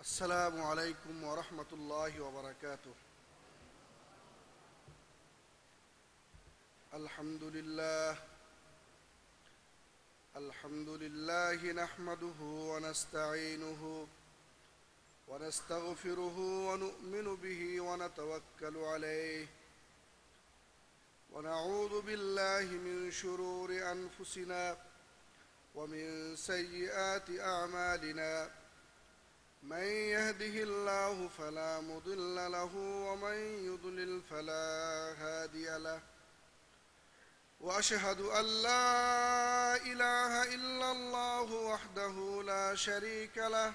السلام عليكم ورحمة الله وبركاته الحمد لله الحمد لله نحمده ونستعينه ونستغفره ونؤمن به ونتوكل عليه ونعوذ بالله من شرور أنفسنا ومن سيئات أعمالنا من يهده الله فلا مضل له ومن يضلل فلا هادي له واشهد ان لا اله الا الله وحده لا شريك له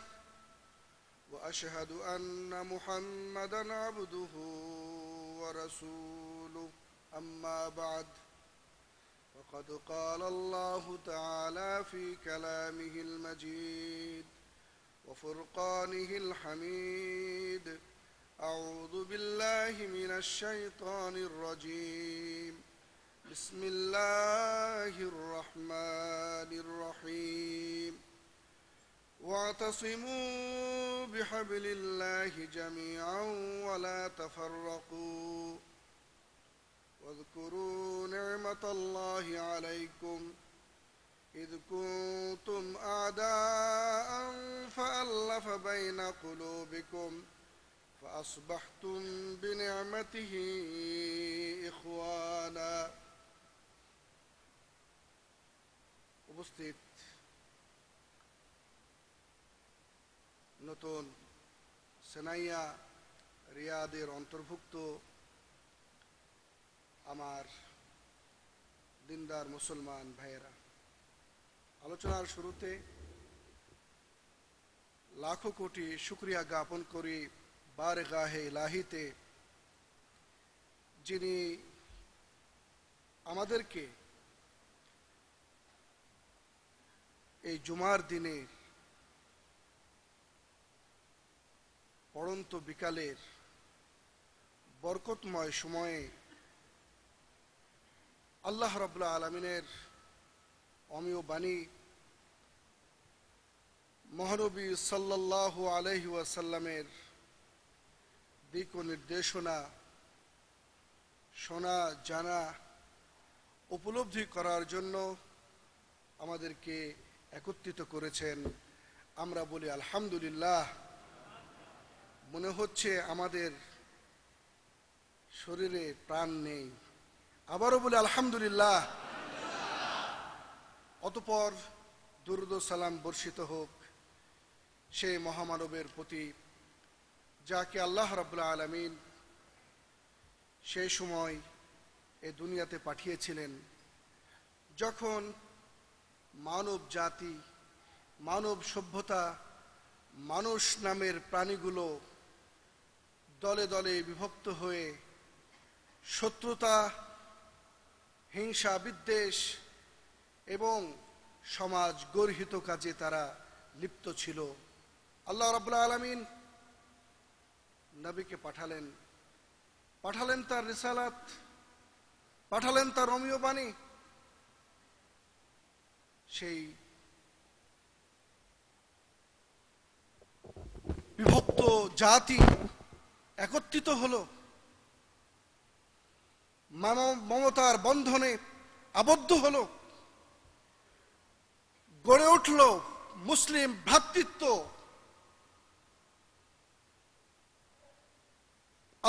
واشهد ان محمدا عبده ورسوله اما بعد فقد قال الله تعالى في كلامه المجيد وفرقانه الحميد أعوذ بالله من الشيطان الرجيم بسم الله الرحمن الرحيم واعتصموا بحبل الله جميعا ولا تفرقوا واذكروا نعمة الله عليكم إذ كنتم أعداء وألف بين قلوبكم فأصبحتم بنعمته إخوانا উপস্থিত নতুন সেনাইয়া রিয়াদের অন্তর্ভুক্ত আমার দিনদার মুসলমান ভাইয়েরা আলোচনার শুরুতে লাখো কোটি শুক্রিয়া জ্ঞাপন করি বার গাহে লাহিতে যিনি আমাদেরকে এই জুমার দিনে পড়ন্ত বিকালের বরকতময় সময়ে আল্লাহ রবুল্লা আলমিনের অমীয় বাণী মহানবী সাল্লাহ আলহি ওয়াসাল্লামের দিক ও নির্দেশনা শোনা জানা উপলব্ধি করার জন্য আমাদেরকে একত্রিত করেছেন আমরা বলি আলহামদুলিল্লাহ মনে হচ্ছে আমাদের শরীরে প্রাণ নেই আবারও বলি আলহামদুলিল্লাহ অতপর দুর্দ সালাম বর্ষিত হোক সেই মহামানবের প্রতি যাকে আল্লাহ রাবুল্লা আলমিন সেই সময় এ দুনিয়াতে পাঠিয়েছিলেন যখন মানব জাতি মানব সভ্যতা মানুষ নামের প্রাণীগুলো দলে দলে বিভক্ত হয়ে শত্রুতা হিংসা বিদ্বেষ এবং সমাজ গর্হিত কাজে তারা লিপ্ত ছিল আল্লাহ রাবুল্লা আলমিন নবীকে পাঠালেন পাঠালেন তার রিসালাত পাঠালেন তার রমিও বাণী সেই বিভক্ত জাতি একত্রিত হল মমতার বন্ধনে আবদ্ধ হল গড়ে উঠল মুসলিম ভ্রাতৃত্ব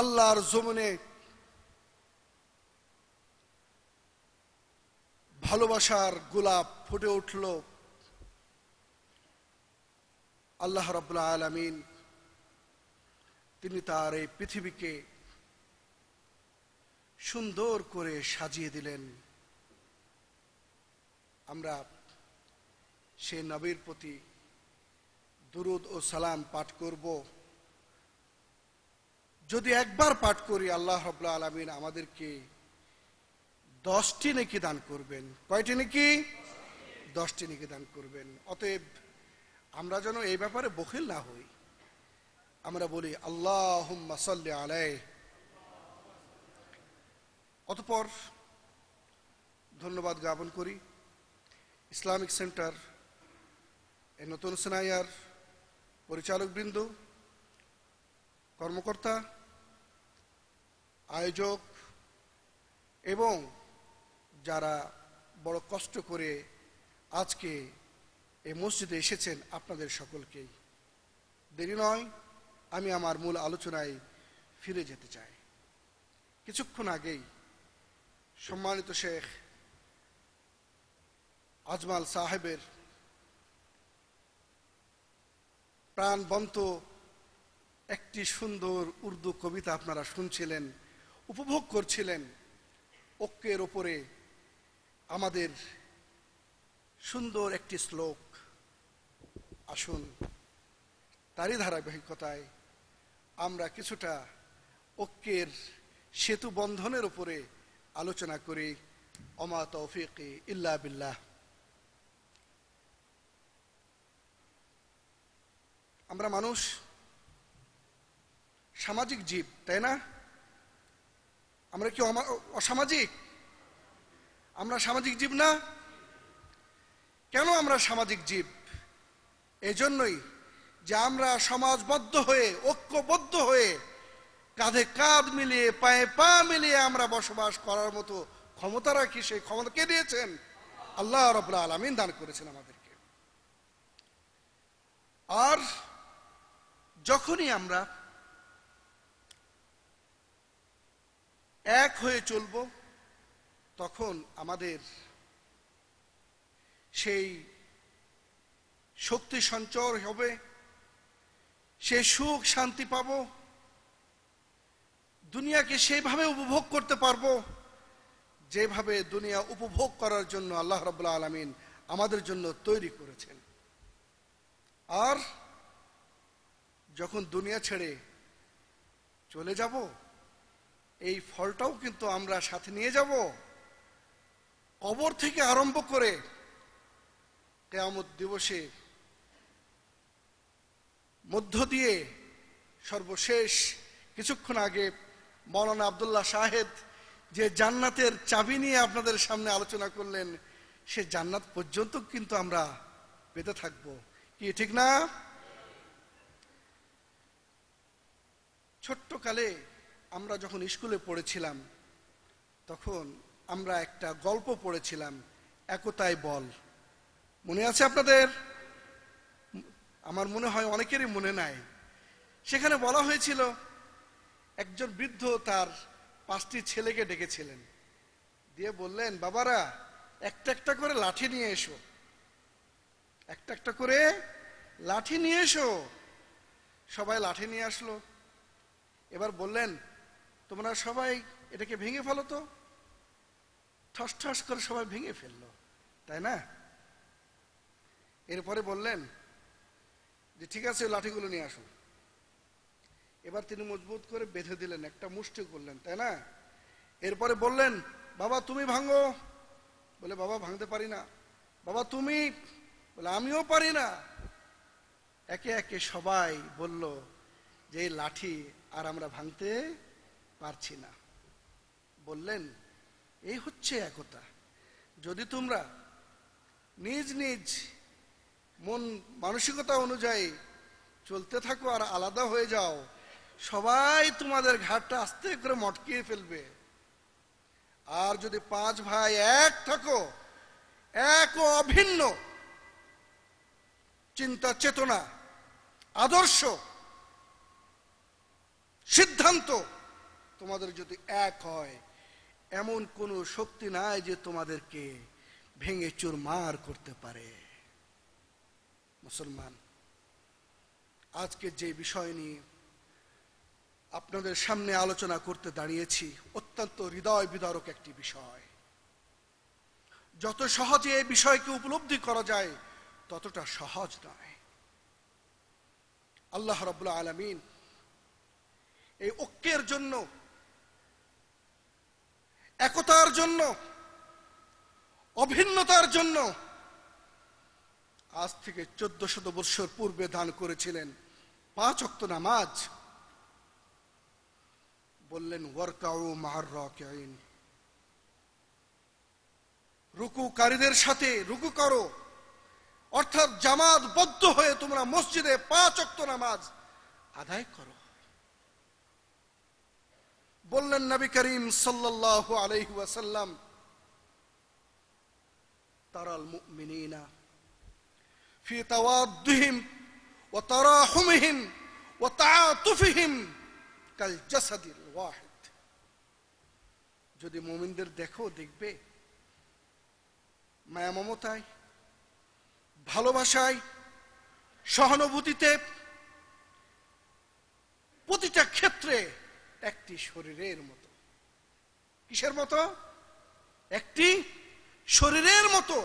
আল্লাহর জমনে ভালোবাসার গোলাপ ফুটে উঠল আল্লাহ রবাহ আলমিন তিনি তার এই পৃথিবীকে সুন্দর করে সাজিয়ে দিলেন আমরা সেই নবীর প্রতি দুরুদ ও সালাম পাঠ করব যদি একবার পাঠ করি আল্লাহ রব্লা আলমিন আমাদেরকে দশটি নেকি দান করবেন কয়টি নেকি দশটি নেকি দান করবেন অতএব আমরা যেন এই ব্যাপারে বখিল না হই আমরা বলি আল্লাহ সাল্লি আলাই অতপর ধন্যবাদ জ্ঞাপন করি ইসলামিক সেন্টার নতুন সেনাইয়ার পরিচালকবৃন্দ কর্মকর্তা আয়োজক এবং যারা বড় কষ্ট করে আজকে এই মসজিদে এসেছেন আপনাদের সকলকেই দেরি নয় আমি আমার মূল আলোচনায় ফিরে যেতে চাই কিছুক্ষণ আগেই সম্মানিত শেখ আজমাল সাহেবের প্রাণবন্ত একটি সুন্দর উর্দু কবিতা আপনারা শুনছিলেন উপভোগ করছিলেন ঐক্যের ওপরে আমাদের সুন্দর একটি শ্লোক আসুন তারই ধারাবাহিকতায় আমরা কিছুটা ঐক্যের সেতু বন্ধনের উপরে আলোচনা করি অমা তৌফিক ইল্লা বিল্লাহ আমরা মানুষ সামাজিক জীব তাই না আমরা কি অসামাজিক আমরা সামাজিক জীব না কেন আমরা সামাজিক জীব এজন্যই যে আমরা সমাজবদ্ধ হয়ে ঐক্যবদ্ধ হয়ে কাঁধে কাঁধ মিলিয়ে পায়ে পা মিলিয়ে আমরা বসবাস করার মতো ক্ষমতা রাখি সেই ক্ষমতা কে দিয়েছেন আল্লাহ রবুল্লা আলমিন দান করেছেন আমাদেরকে আর যখনই আমরা এক হয়ে চলব তখন আমাদের সেই শক্তি সঞ্চয় হবে সে সুখ শান্তি পাব দুনিয়াকে সেইভাবে উপভোগ করতে পারব যেভাবে দুনিয়া উপভোগ করার জন্য আল্লাহ রবুল্লা আলমিন আমাদের জন্য তৈরি করেছেন আর যখন দুনিয়া ছেড়ে চলে যাব এই ফলটাও কিন্তু আমরা সাথে নিয়ে যাব কবর থেকে আরম্ভ করে কেয়ামত দিবসে মধ্য দিয়ে সর্বশেষ কিছুক্ষণ আগে মৌলানা আবদুল্লাহ সাহেদ যে জান্নাতের চাবি নিয়ে আপনাদের সামনে আলোচনা করলেন সে জান্নাত পর্যন্ত কিন্তু আমরা পেতে থাকবো কি ঠিক না ছোট্টকালে আমরা যখন স্কুলে পড়েছিলাম তখন আমরা একটা গল্প পড়েছিলাম একতায় বল মনে আছে আপনাদের আমার মনে হয় অনেকেরই মনে নাই সেখানে বলা হয়েছিল একজন বৃদ্ধ তার পাঁচটি ছেলেকে ডেকেছিলেন দিয়ে বললেন বাবারা একটা একটা করে লাঠি নিয়ে এসো একটা একটা করে লাঠি নিয়ে এসো সবাই লাঠি নিয়ে আসলো এবার বললেন তোমরা সবাই এটাকে ভেঙে ফেলো তো ঠস ঠস করে সবাই ভেঙে ফেললো তাই না এরপরে বললেন যে ঠিক আছে লাঠিগুলো নিয়ে আসুন এবার তিনি মজবুত করে বেঁধে দিলেন একটা মুষ্টি করলেন তাই না এরপরে বললেন বাবা তুমি ভাঙো বলে বাবা ভাঙতে পারি না বাবা তুমি বলে আমিও পারি না একে একে সবাই বলল যে লাঠি আর আমরা ভাঙতে পারছি না বললেন এই হচ্ছে একতা যদি তোমরা নিজ নিজ মন মানসিকতা অনুযায়ী চলতে থাকো আর আলাদা হয়ে যাও সবাই তোমাদের ঘাটটা আস্তে করে মটকিয়ে ফেলবে আর যদি পাঁচ ভাই এক থাকো এক অভিন্ন চিন্তা চেতনা আদর্শ সিদ্ধান্ত তোমাদের যদি এক হয় এমন কোনো শক্তি নাই যে তোমাদেরকে ভেঙে চুরমার করতে পারে মুসলমান আজকে যে বিষয় নিয়ে আপনাদের সামনে আলোচনা করতে দাঁড়িয়েছি অত্যন্ত হৃদয় বিদারক একটি বিষয় যত সহজে এই বিষয়কে উপলব্ধি করা যায় ততটা সহজ নয় আল্লাহ রবুল্লা আলমিন এই ঐক্যের জন্য একতার জন্য অভিন্নতার জন্য আজ থেকে চোদ্দ শত বৎসর পূর্বে দান করেছিলেন পাঁচ অক্ত নামাজ বললেন ওয়ার্কাউ মার রকাইন রুকুকারীদের সাথে রুকু করো অর্থাৎ জামাত বদ্ধ হয়ে তোমরা মসজিদে পাঁচ অক্ত নামাজ আদায় করো বললেন নবী করিম সাল্লাহ আলহি ওয়াসাল্লাম তারাল মুমিনিনা তারাহুমহিম تواضهم وتراحمهم কাল জাসাদিল ওয়াহিদ যদি মুমিনদের দেখো দেখবে মায়া মমতায় ভালোবাসায় সহানুভূতিতে প্রতিটা ক্ষেত্রে একটি শরীরের মতো কিসের মতো একটি শরীরের মতো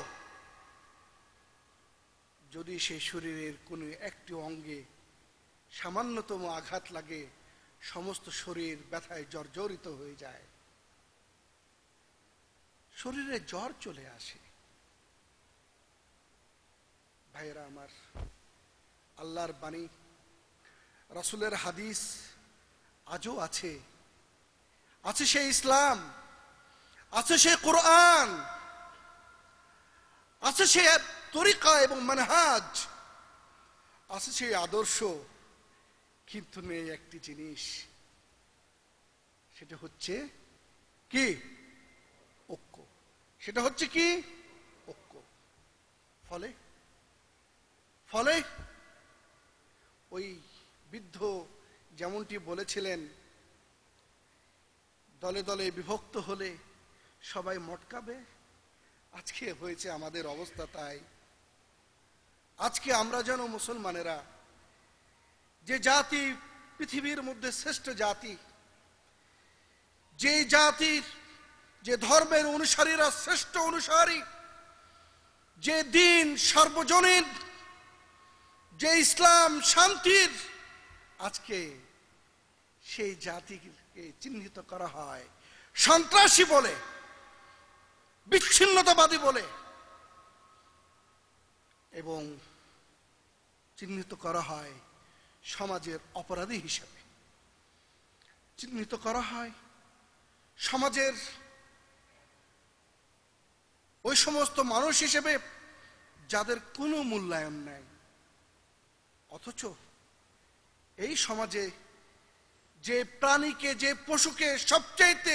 যদি সেই শরীরের কোনো একটি অঙ্গে সামান্যতম আঘাত লাগে সমস্ত শরীর ব্যথায় জর্জরিত হয়ে যায় শরীরে জ্বর চলে আসে ভাইয়েরা আমার আল্লাহর বাণী রাসুলের হাদিস আজও আছে আছে সে ইসলাম আছে সে কোরআন আছে সে তরিকা এবং মানহাজ আছে সেই আদর্শ কিন্তু নেই একটি জিনিস সেটা হচ্ছে কি ঐক্য সেটা হচ্ছে কি ঐক্য ফলে ফলে ওই বৃদ্ধ যেমনটি বলেছিলেন দলে দলে বিভক্ত হলে সবাই মটকাবে আজকে হয়েছে আমাদের অবস্থা তাই আজকে আমরা যেন মুসলমানেরা যে জাতি পৃথিবীর মধ্যে শ্রেষ্ঠ জাতি যে জাতির যে ধর্মের অনুসারীরা শ্রেষ্ঠ অনুসারী যে দিন সর্বজনীন যে ইসলাম শান্তির আজকে সেই জাতিকে চিহ্নিত করা হয় সন্ত্রাসী বলে বিচ্ছিন্নতাবাদী বলে এবং চিহ্নিত করা হয় সমাজের অপরাধী হিসেবে চিহ্নিত করা হয় সমাজের ওই সমস্ত মানুষ হিসেবে যাদের কোনো মূল্যায়ন নাই অথচ এই সমাজে যে প্রাণীকে যে পশুকে সবচাইতে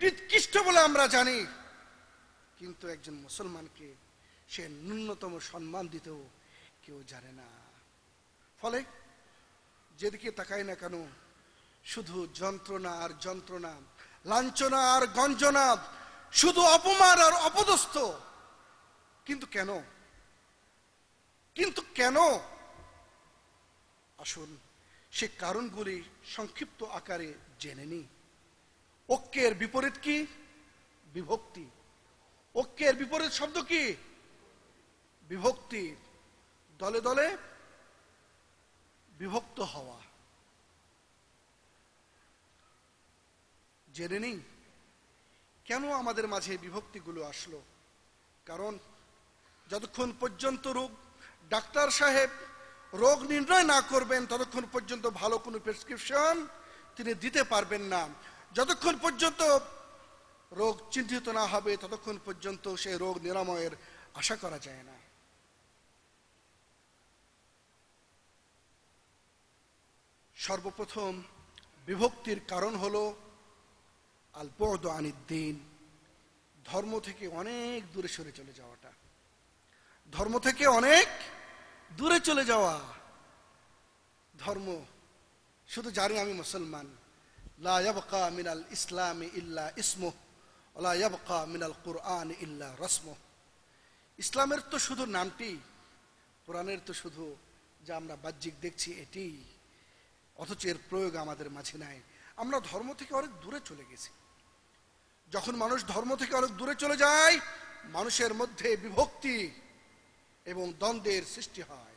নিকৃষ্ট বলে আমরা জানি কিন্তু একজন মুসলমানকে সে ন্যূনতম সম্মান দিতেও কেউ জানে না ফলে যেদিকে তাকাই না কেন শুধু যন্ত্রণা আর যন্ত্রণা লাঞ্ছনা আর গঞ্জনা শুধু অপমান আর অপদস্থ কিন্তু কেন কিন্তু কেন আসুন সে কারণগুলি সংক্ষিপ্ত আকারে জেনে নি ঐক্যের বিপরীত কি বিভক্তি ঐক্যের বিপরীত শব্দ কি বিভক্তি দলে দলে বিভক্ত হওয়া জেনে নিই কেন আমাদের মাঝে বিভক্তিগুলো আসলো কারণ যতক্ষণ পর্যন্ত রূপ ডাক্তার সাহেব রোগ নির্ণয় না করবেন ততক্ষণ পর্যন্ত ভালো কোনো প্রেসক্রিপশন তিনি দিতে পারবেন না যতক্ষণ পর্যন্ত রোগ চিহ্নিত না হবে ততক্ষণ পর্যন্ত সেই রোগ নিরাময়ের আশা করা যায় না সর্বপ্রথম বিভক্তির কারণ হল আলপদ আনিদ্দিন ধর্ম থেকে অনেক দূরে সরে চলে যাওয়াটা ধর্ম থেকে অনেক দূরে চলে যাওয়া ধর্ম শুধু জানি আমি মুসলমান লাবকা মিনাল ইসলাম ইল্লা ইসমো লাবকা মিনাল কোরআন ইল্লা রসমো ইসলামের তো শুধু নামটি কোরআনের তো শুধু যা আমরা বাহ্যিক দেখছি এটি অথচ এর প্রয়োগ আমাদের মাঝে নাই আমরা ধর্ম থেকে অনেক দূরে চলে গেছি যখন মানুষ ধর্ম থেকে অনেক দূরে চলে যায় মানুষের মধ্যে বিভক্তি এবং দ্বন্দ্বের সৃষ্টি হয়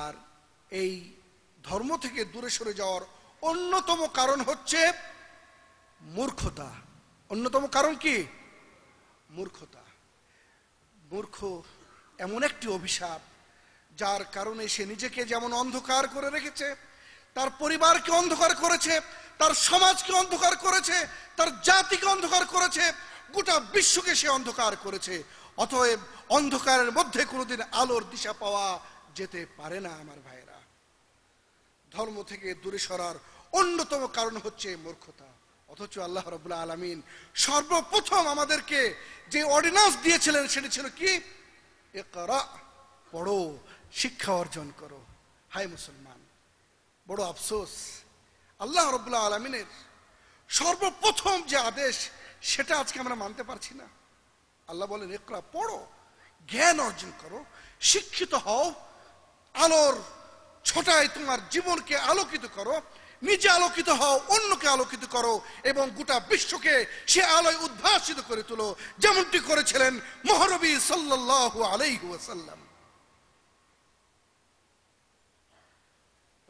আর এই ধর্ম থেকে দূরে সরে যাওয়ার অন্যতম কারণ হচ্ছে মূর্খতা অন্যতম কারণ কি মূর্খতা মূর্খ এমন একটি অভিশাপ যার কারণে সে নিজেকে যেমন অন্ধকার করে রেখেছে তার পরিবারকে অন্ধকার করেছে তার সমাজকে অন্ধকার করেছে তার জাতিকে অন্ধকার করেছে গোটা বিশ্বকে সে অন্ধকার করেছে অতএব অন্ধকারের মধ্যে কোনোদিন আলোর দিশা পাওয়া যেতে পারে না আমার ভাইরা ধর্ম থেকে দূরে সরার অন্যতম কারণ হচ্ছে মূর্খতা অথচ আল্লাহ রবুল্লা আলমিন সর্বপ্রথম আমাদেরকে যে অর্ডিনান্স দিয়েছিলেন সেটি ছিল কি এ করা পড়ো শিক্ষা অর্জন করো হাই মুসলমান বড় আফসোস আল্লাহ রবুল্লা আলমিনের সর্বপ্রথম যে আদেশ সেটা আজকে আমরা মানতে পারছি না আল্লাহ বলেন একরা পড়ো জ্ঞান অর্জন করো শিক্ষিত হও আলোর ছোটায় তোমার জীবনকে আলোকিত করো নিজে আলোকিত হও অন্যকে আলোকিত করো এবং গোটা বিশ্বকে সে আলোয় উদ্ভাসিত করে তুলো যেমনটি করেছিলেন মহরবী সাল্লাহ আলাইসাল্লাম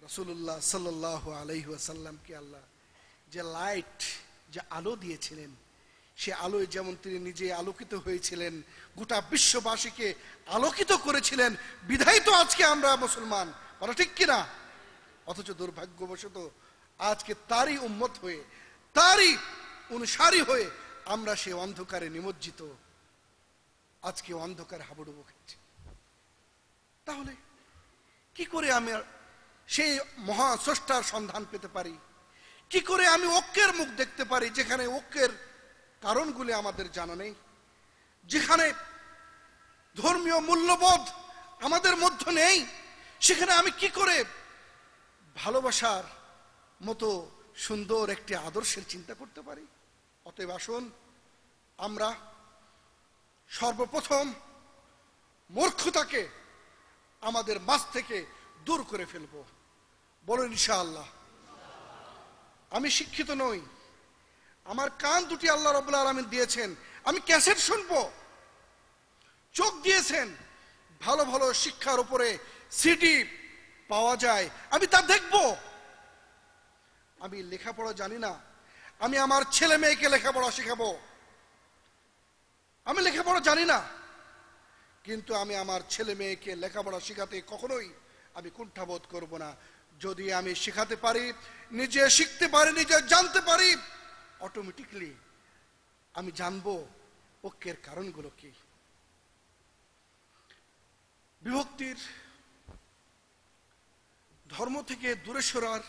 রসুল্লাহ সাল্লাহ আলাইসাল্লামকে আল্লাহ যে লাইট যে আলো দিয়েছিলেন সে আলোয় যেমন তিনি নিজে আলোকিত হয়েছিলেন গোটা বিশ্ববাসীকে আলোকিত করেছিলেন বিধাই তো আজকে আমরা মুসলমান বলা ঠিক কিনা অথচ দুর্ভাগ্যবশত আজকে তারই উম্মত হয়ে তারই অনুসারী হয়ে আমরা সে অন্ধকারে নিমজ্জিত আজকে অন্ধকার হাবুডুবু খেয়েছি তাহলে কি করে আমি সেই মহাস্রষ্টার সন্ধান পেতে পারি কি করে আমি ঐক্যের মুখ দেখতে পারি যেখানে ঐক্যের কারণগুলি আমাদের জানা নেই যেখানে ধর্মীয় মূল্যবোধ আমাদের মধ্যে নেই সেখানে আমি কি করে ভালোবাসার মতো সুন্দর একটি আদর্শের চিন্তা করতে পারি অতএব আসুন আমরা সর্বপ্রথম মূর্খতাকে আমাদের মাছ থেকে দূর করে ফেলব বলুন ইনশাআল্লাহ আমি শিক্ষিত নই আমার কান দুটি আল্লাহ রবুল্লা আলমিন দিয়েছেন আমি ক্যাসেট শুনবো চোখ দিয়েছেন ভালো ভালো শিক্ষার উপরে সিটি পাওয়া যায় আমি তা দেখব আমি লেখাপড়া জানি না আমি আমার ছেলে মেয়েকে লেখাপড়া শেখাবো আমি লেখাপড়া জানি না কিন্তু আমি আমার ছেলে মেয়েকে লেখাপড়া শেখাতে কখনোই আমি কুণ্ঠাবোধ করব না যদি আমি শেখাতে পারি নিজে শিখতে পারি নিজে জানতে পারি অটোমেটিকলি আমি জানবো ঐক্যের কারণগুলো কি বিভক্তির ধর্ম থেকে দূরে সরার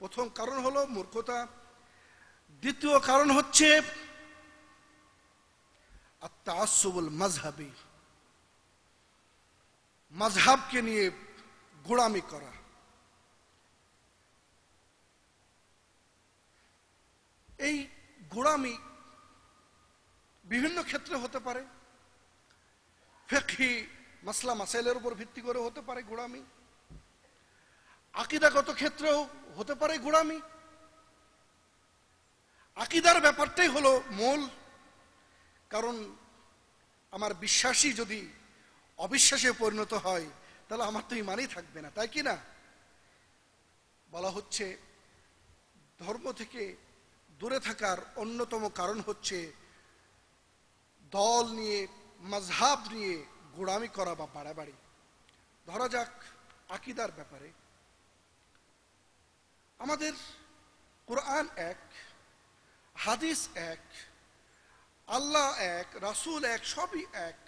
প্রথম কারণ হলো মূর্খতা দ্বিতীয় কারণ হচ্ছে আত্মাসবুল মাঝহাবি মাঝহাবকে নিয়ে গোড়ামি করা এই গোড়ামি বিভিন্ন ক্ষেত্রে হতে পারে ফেকি মাসলা মাসাইলের উপর ভিত্তি করে হতে পারে গোড়ামি আকিদাগত ক্ষেত্রেও হতে পারে গোড়ামি আকিদার ব্যাপারটাই হলো মূল কারণ আমার বিশ্বাসী যদি অবিশ্বাসে পরিণত হয় তাহলে আমার তো ইমানই থাকবে না তাই কি না বলা হচ্ছে ধর্ম থেকে দূরে থাকার অন্যতম কারণ হচ্ছে দল নিয়ে মজহাব নিয়ে গোড়ামি করা বা বাড়াবাড়ি ধরা যাক আকিদার ব্যাপারে আমাদের কোরআন এক হাদিস এক আল্লাহ এক রাসুল এক সবই এক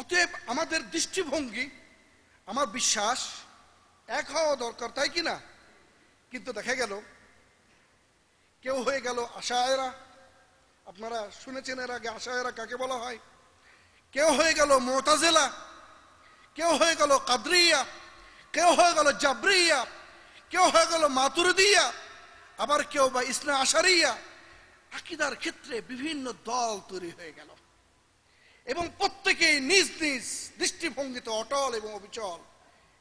অতএব আমাদের দৃষ্টিভঙ্গি আমার বিশ্বাস এক হওয়া দরকার তাই কি না কিন্তু দেখা গেল কেউ হয়ে গেল আশায়রা আপনারা শুনেছেন এর আগে আশায়রা কাকে বলা হয় কেউ হয়ে গেল মোতাজেলা কেউ হয়ে গেল কাদ্রিয়া কেউ হয়ে গেল জাবরিয়া কেউ হয়ে গেল মাতুরদিয়া আবার কেউ বা ইসনা আশারিয়া আকিদার ক্ষেত্রে বিভিন্ন দল তৈরি হয়ে গেল এবং প্রত্যেকেই নিজ নিজ দৃষ্টিভঙ্গিতে অটল এবং অবিচল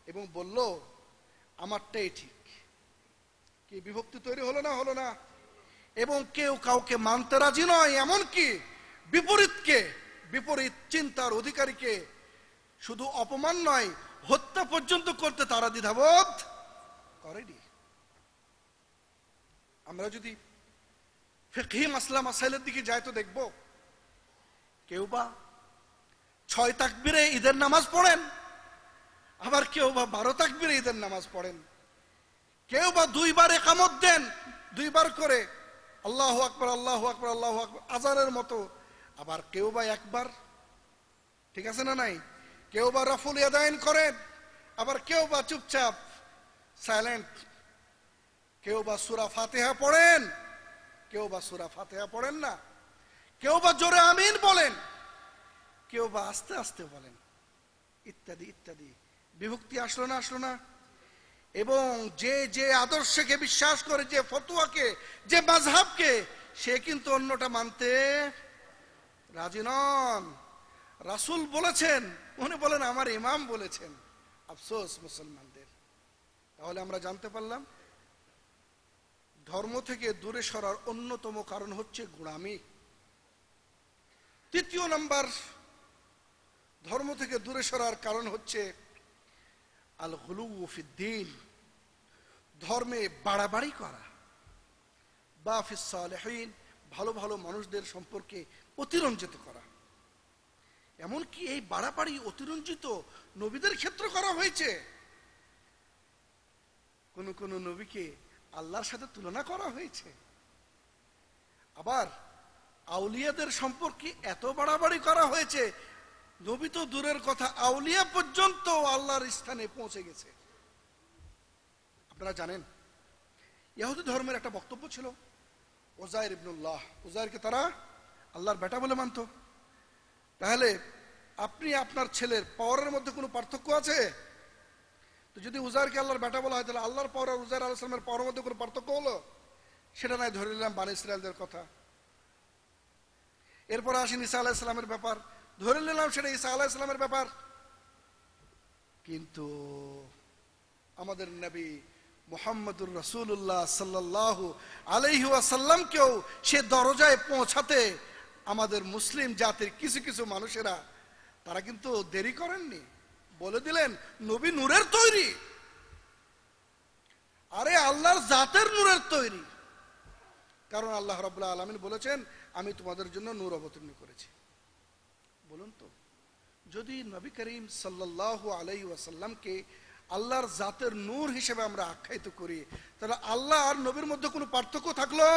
এবং বলল আমারটাই ঠিক কি বিভক্তি তৈরি হলো না হলো না এবং কেউ কাউকে মানতে রাজি নয় এমনকি বিপরীতকে বিপরীত চিন্তার অধিকারীকে শুধু অপমান নয় হত্যা পর্যন্ত করতে তারা দ্বিধাবোধ করেনি আমরা যদি ফেকহি আসলাম আসাইলের দিকে যাই তো দেখব কেউ বা ছয় তাকবিরে ঈদের নামাজ পড়েন আবার কেউ বা বারো তাকবিরে ঈদের নামাজ পড়েন কেউ বা দুইবার একামত দেন দুইবার করে আল্লাহ আকবর আল্লাহ আকবর আল্লাহ আকবর আজানের মতো আবার কেউ বা একবার ঠিক আছে না নাই কেউ বা রফুল ইয়াদায়ন করেন আবার কেউ বা চুপচাপ সাইলেন্ট কেউ বা সুরা ফাতেহা পড়েন কেউ বা সুরা ফাতেহা পড়েন না কেউ বা জোরে আমিন বলেন কেউ বা আস্তে আস্তে বলেন ইত্যাদি ইত্যাদি বিভক্তি আসলো না আসলো না এবং যে যে আদর্শকে বিশ্বাস করে যে ফতুয়াকে যে মাঝহাবকে সে কিন্তু অন্যটা মানতে রাজি নন রাসুল বলেছেন উনি বলেন আমার ইমাম বলেছেন আফসোস মুসলমানদের তাহলে আমরা জানতে পারলাম ধর্ম থেকে দূরে সরার অন্যতম কারণ হচ্ছে গুড়ামি তৃতীয় নম্বর ধর্ম থেকে দূরে সরার কারণ হচ্ছে আল হলু ফিদ্দিন ধর্মে বাড়াবাড়ি করা বা ফিসহীন ভালো ভালো মানুষদের সম্পর্কে অতিরঞ্জিত করা এমনকি এই বাড়াবাড়ি অতিরঞ্জিত নবীদের ক্ষেত্র করা হয়েছে কোন কোন নবীকে আল্লাহর সাথে তুলনা করা হয়েছে আবার আউলিয়াদের সম্পর্কে এত বাড়াবাড়ি করা হয়েছে নবী তো দূরের কথা আউলিয়া পর্যন্ত আল্লাহর স্থানে পৌঁছে গেছে আপনারা জানেন ইহুদি ধর্মের একটা বক্তব্য ছিল ওজায়ের ইবনুল্লাহ ওজায়েরকে তারা আল্লাহর বেটা বলে মানত তাহলে আপনি আপনার ছেলের পাওয়ারের মধ্যে কোনো পার্থক্য আছে তো যদি উজারকে আল্লাহর বেটা বলা হয় তাহলে আল্লাহর পাওয়ার আর উজার আলাইসলামের পাওয়ার মধ্যে কোনো পার্থক্য হলো সেটা নয় ধরে নিলাম বান ইসরায়েলদের কথা এরপর আসি নিসা আলাইসলামের ব্যাপার ধরে নিলাম সেটা ইসা আলাহ ইসলামের ব্যাপার কিন্তু আমাদের নবী মোহাম্মদুর রসুল্লাহ সাল্লাহ আলহিউসাল্লামকেও সে দরজায় পৌঁছাতে আমাদের মুসলিম জাতির কিছু কিছু মানুষেরা তারা কিন্তু দেরি করেননি বলে দিলেন নবী নূরের তৈরি আরে আল্লাহর জাতের নূরের তৈরি কারণ আল্লাহ রবাহ আলমিন বলেছেন আমি তোমাদের জন্য নূর অবতীর্ণ করেছি বলুন তো যদি নবী করিম সাল্লাহ আলাই ওয়াসাল্লামকে আল্লাহর জাতের নূর হিসেবে আমরা আখ্যায়িত করি তাহলে আল্লাহ আর নবীর মধ্যে কোনো পার্থক্য থাকলো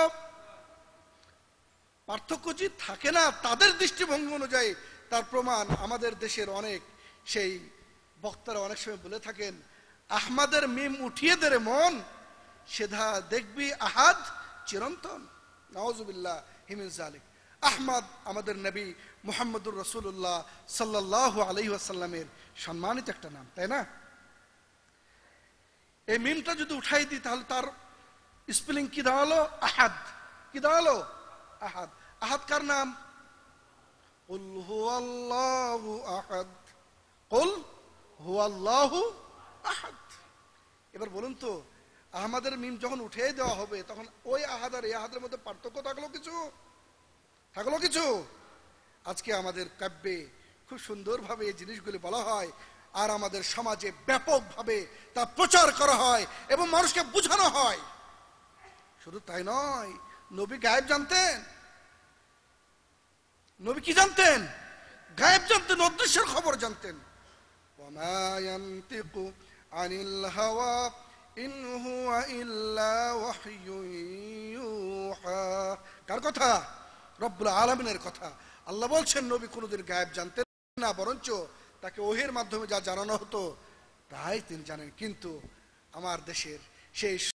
পার্থক্য যে থাকে না তাদের দৃষ্টিভঙ্গি অনুযায়ী তার প্রমাণ আমাদের দেশের অনেক সেই বক্তারা অনেক সময় বলে থাকেন আহমাদের মিম উঠিয়ে দেরে মন সেধা দেখবি আহাদ চিরন্তন নওয়াজুবিল্লাহ হিমিন জালিক আহমদ আমাদের নবী মোহাম্মদুর রসুল্লাহ সাল্লাহ আলহিহাসাল্লামের সম্মানিত একটা নাম তাই না এই মিমটা যদি উঠাই দিই তাহলে তার স্পেলিং কি দাঁড়ালো আহাদ কি দাঁড়ালো আহাদ আহাদ কার নাম এবার বলুন তো আহমাদের মিম যখন উঠে দেওয়া হবে তখন ওই আহাদ আর এই আহাদের মধ্যে পার্থক্য থাকলো কিছু থাকলো কিছু আজকে আমাদের কাব্যে খুব সুন্দরভাবে এই জিনিসগুলি বলা হয় আর আমাদের সমাজে ব্যাপকভাবে তা প্রচার করা হয় এবং মানুষকে বোঝানো হয় শুধু তাই নয় নবী গায়েব জানতেন নবী কি জানতেন গায়েব জানতেন অদৃশ্যের খবর জানতেন কার কথা রব্বুল আলমিনের কথা আল্লাহ বলছেন নবী কোনোদিন গায়েব জানতেন না বরঞ্চ তাকে ওহের মাধ্যমে যা জানানো হতো তাই তিনি জানেন কিন্তু আমার দেশের সেই